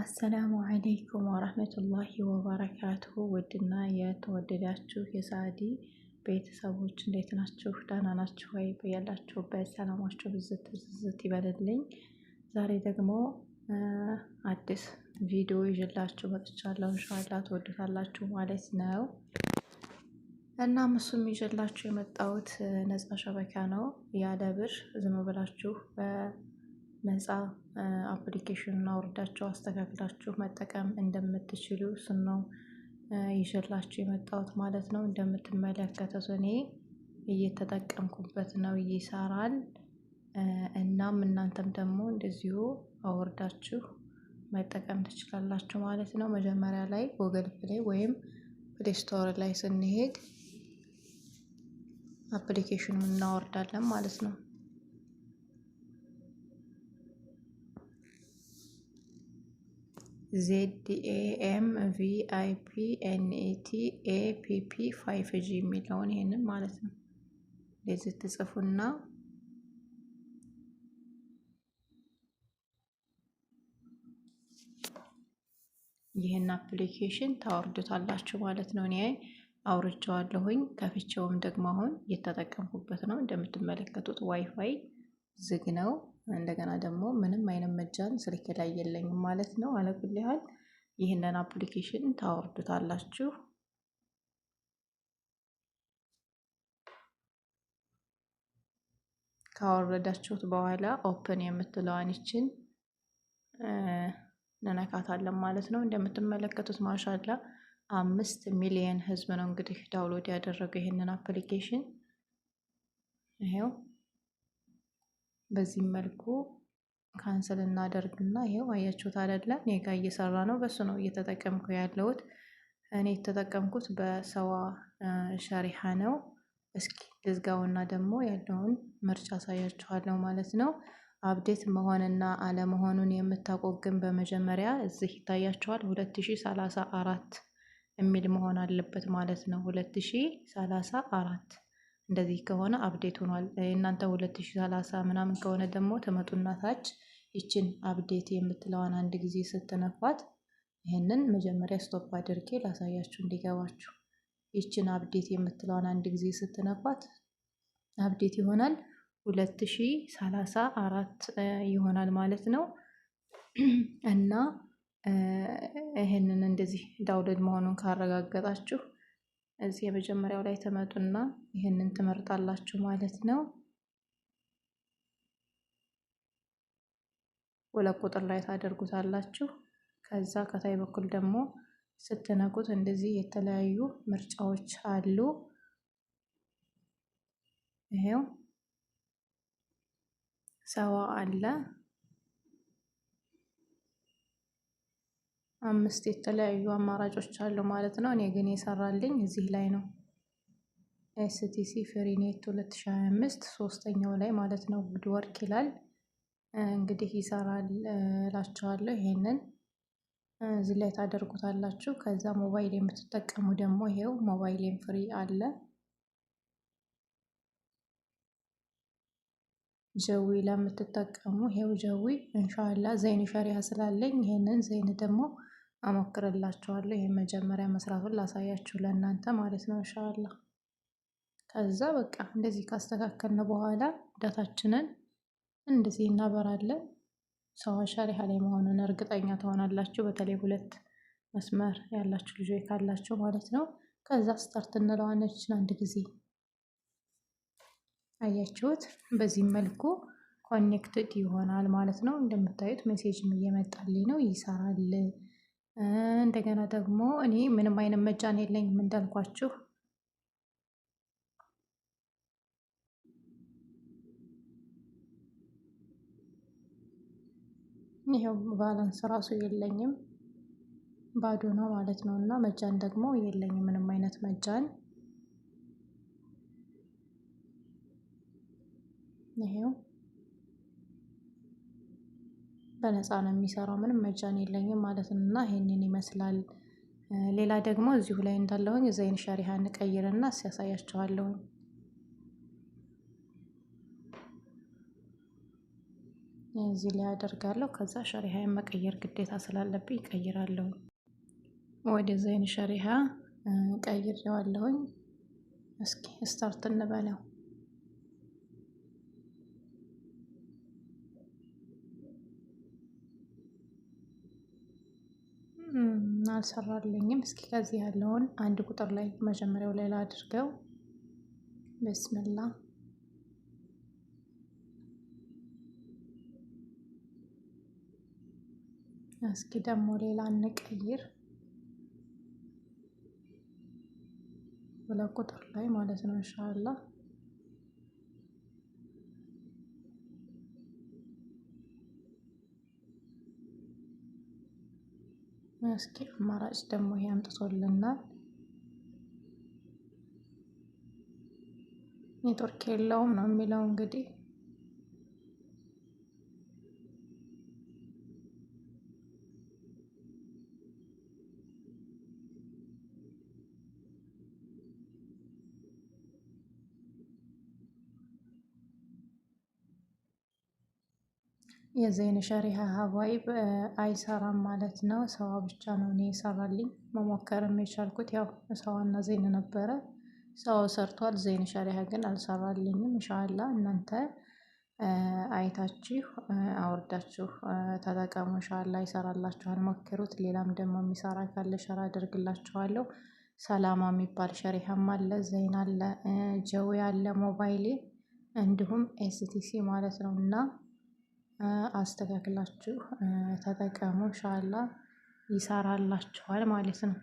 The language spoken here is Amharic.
አሰላሙ አለይኩም ወረህመቱላሂ ወበረካቱሁ። ውድና የተወደዳችሁ የሳዲ ቤተሰቦች እንዴት ናችሁ? ደህና ናችሁ ወይ? ያላችሁበት ሰላማችሁ ብዝት ብዝት ይበልልኝ። ዛሬ ደግሞ አዲስ ቪዲዮ ይዤላችሁ መጥቻለሁ። እንሻላ ትወዱታላችሁ ማለት ነው። እናም እሱም ይዤላችሁ የመጣሁት ነፃ ሸበካ ነው። ያለ ብር ዝም ብላችሁ ነፃ አፕሊኬሽኑን አውርዳችሁ አስተካክላችሁ መጠቀም እንደምትችሉ እሱን ነው ይዤላችሁ የመጣሁት ማለት ነው። እንደምትመለከቱት እኔ እየተጠቀምኩበት ነው ይሰራል። እናም እናንተም ደግሞ እንደዚሁ አውርዳችሁ መጠቀም ትችላላችሁ ማለት ነው። መጀመሪያ ላይ ጎግል ፕሌይ ወይም ፕሌይ ስቶር ላይ ስንሄድ አፕሊኬሽኑን እናወርዳለን ማለት ነው ዜድ ቪ አይ ፒ ኤንኤቲ ኤ ፋይፍ ጂ የሚለውን ይሄንን ማለት ነው። እንደዚህ ትጽፉና ይህን አፕሊኬሽን ታወርዱታላችሁ ማለት ነው። እኔ አውርጀዋለሁኝ ከፍቼውም ደግሞ አሁን እየተጠቀምኩበት ነው። እንደምትመለከቱት ዋይፋይ ዝግ ነው። እንደገና ደግሞ ምንም አይነት መጃን ስልክ ላይ የለኝም ማለት ነው። አለኩል ያህል ይህንን አፕሊኬሽን ታወርዱታላችሁ። ካወረዳችሁት በኋላ ኦፕን የምትለዋን ይችን እንነካታለን ማለት ነው። እንደምትመለከቱት ማሻላ አምስት ሚሊየን ህዝብ ነው እንግዲህ ዳውንሎድ ያደረገው ይህንን አፕሊኬሽን ይሄው በዚህም መልኩ ካንስል እናደርግና ይሄው አያችሁት አይደለም እኔ ጋ እየሰራ ነው። በሱ ነው እየተጠቀምኩ ያለሁት። እኔ የተጠቀምኩት በሰዋ ሸሪሃ ነው። እስኪ ልዝጋውና ደግሞ ያለውን ምርጫ አሳያችኋለሁ ማለት ነው። አብዴት መሆንና አለመሆኑን የምታቆግን ግን በመጀመሪያ እዚህ ይታያችኋል። 2034 የሚል መሆን አለበት ማለት ነው። 2034 እንደዚህ ከሆነ አብዴት ሆኗል። እናንተ 2030 ምናምን ከሆነ ደግሞ ትመጡና ታች ይችን አብዴት የምትለዋን አንድ ጊዜ ስትነፏት፣ ይህንን መጀመሪያ ስቶፕ አድርጌ ላሳያችሁ እንዲገባችሁ። ይችን አብዴት የምትለዋን አንድ ጊዜ ስትነፏት አብዴት ይሆናል 2034 ይሆናል ማለት ነው እና ይህንን እንደዚህ ዳውሎድ መሆኑን ካረጋገጣችሁ እዚህ የመጀመሪያው ላይ ትመጡና ይህንን ትመርጣላችሁ ማለት ነው። ሁለት ቁጥር ላይ ታደርጉታላችሁ። ከዛ ከታይ በኩል ደግሞ ስትነቁት እንደዚህ የተለያዩ ምርጫዎች አሉ። ይሄው ሰዋ አለ አምስት የተለያዩ አማራጮች አሉ ማለት ነው። እኔ ግን የሰራልኝ እዚህ ላይ ነው። ኤስቲሲ ፍሪኔት 2025 ሶስተኛው ላይ ማለት ነው። ጉድ ወርክ ይላል እንግዲህ ይሰራል እላችኋለሁ። ይሄንን እዚህ ላይ ታደርጉታላችሁ። ከዛ ሞባይል የምትጠቀሙ ደግሞ ይሄው ሞባይልን ፍሪ አለ ጀዊ ለምትጠቀሙ ይሄው ጀዊ እንሻላ ዘይን ሸሪያ ስላለኝ ይሄንን ዘይን ደግሞ አሞክርላችኋለሁ። ይሄን መጀመሪያ መስራቱን ላሳያችሁ ለእናንተ ማለት ነው እንሻላ ከዛ በቃ እንደዚህ ካስተካከልን በኋላ ዳታችንን እንደዚህ እናበራለን። ሰዋ ሻሪሃ ላይ መሆኑን እርግጠኛ ትሆናላችሁ በተለይ ሁለት መስመር ያላችሁ ልጆች ካላችሁ ማለት ነው። ከዛ ስታርት እንለዋለን አንድ ጊዜ አያችሁት በዚህም መልኩ ኮኔክትድ ይሆናል ማለት ነው። እንደምታዩት ሜሴጅም እየመጣልኝ ነው ይሰራል እንደገና ደግሞ እኔ ምንም አይነት መጫን የለኝም እንዳልኳችሁ ይኸው ባላንስ ራሱ የለኝም ባዶ ነው ማለት ነው። እና መጃን ደግሞ የለኝም ምንም አይነት መጃን ይሄው በነፃ ነው የሚሰራው ምንም መጃን የለኝም ማለት ነው። እና ይሄንን ይመስላል። ሌላ ደግሞ እዚሁ ላይ እንዳለሁኝ ዘይን ሸሪሃን እንቀይርና እስኪ እዚህ ላይ አደርጋለሁ ከዛ ሸሪሃ የመቀየር ግዴታ ስላለብኝ ይቀይራለሁ። ወደ ዘይን ሸሪሃ ቀይሬዋለሁኝ። እስኪ ስታርት እንበለው አልሰራልኝም። እስኪ ከዚህ ያለውን አንድ ቁጥር ላይ መጀመሪያው ላይ ላድርገው። በስምላ እስኪ ደግሞ ሌላ እንቀይር፣ ሁለት ቁጥር ላይ ማለት ነው። እንሻላ እስኪ አማራጭ ደግሞ ይሄ አምጥቶልናል። ኔትወርክ የለውም ነው የሚለው እንግዲህ የዘይን ሸሪሀ ሀባይብ አይሰራም ማለት ነው። ሰዋ ብቻ ነው እኔ ይሰራልኝ መሞከርም የቻልኩት ያው ሰዋና ዘይን ነበረ። ሰው ሰርቷል። ዘይን ሸሪሀ ግን አልሰራልኝም። እንሻላ እናንተ አይታችሁ አውርዳችሁ ተጠቀሙ። እንሻላ ይሰራላችኋል። ሞክሩት። ሌላም ደግሞ የሚሰራ ካለ ሸራ አደርግላችኋለሁ። ሰላማ የሚባል ሸሪሀም አለ፣ ዘይን አለ፣ ጀዌ አለ፣ ሞባይሌ እንዲሁም ኤስቲሲ ማለት ነው እና አስተካክላችሁ ተጠቀሙ ኢንሻአላህ ይሰራላችኋል ማለት ነው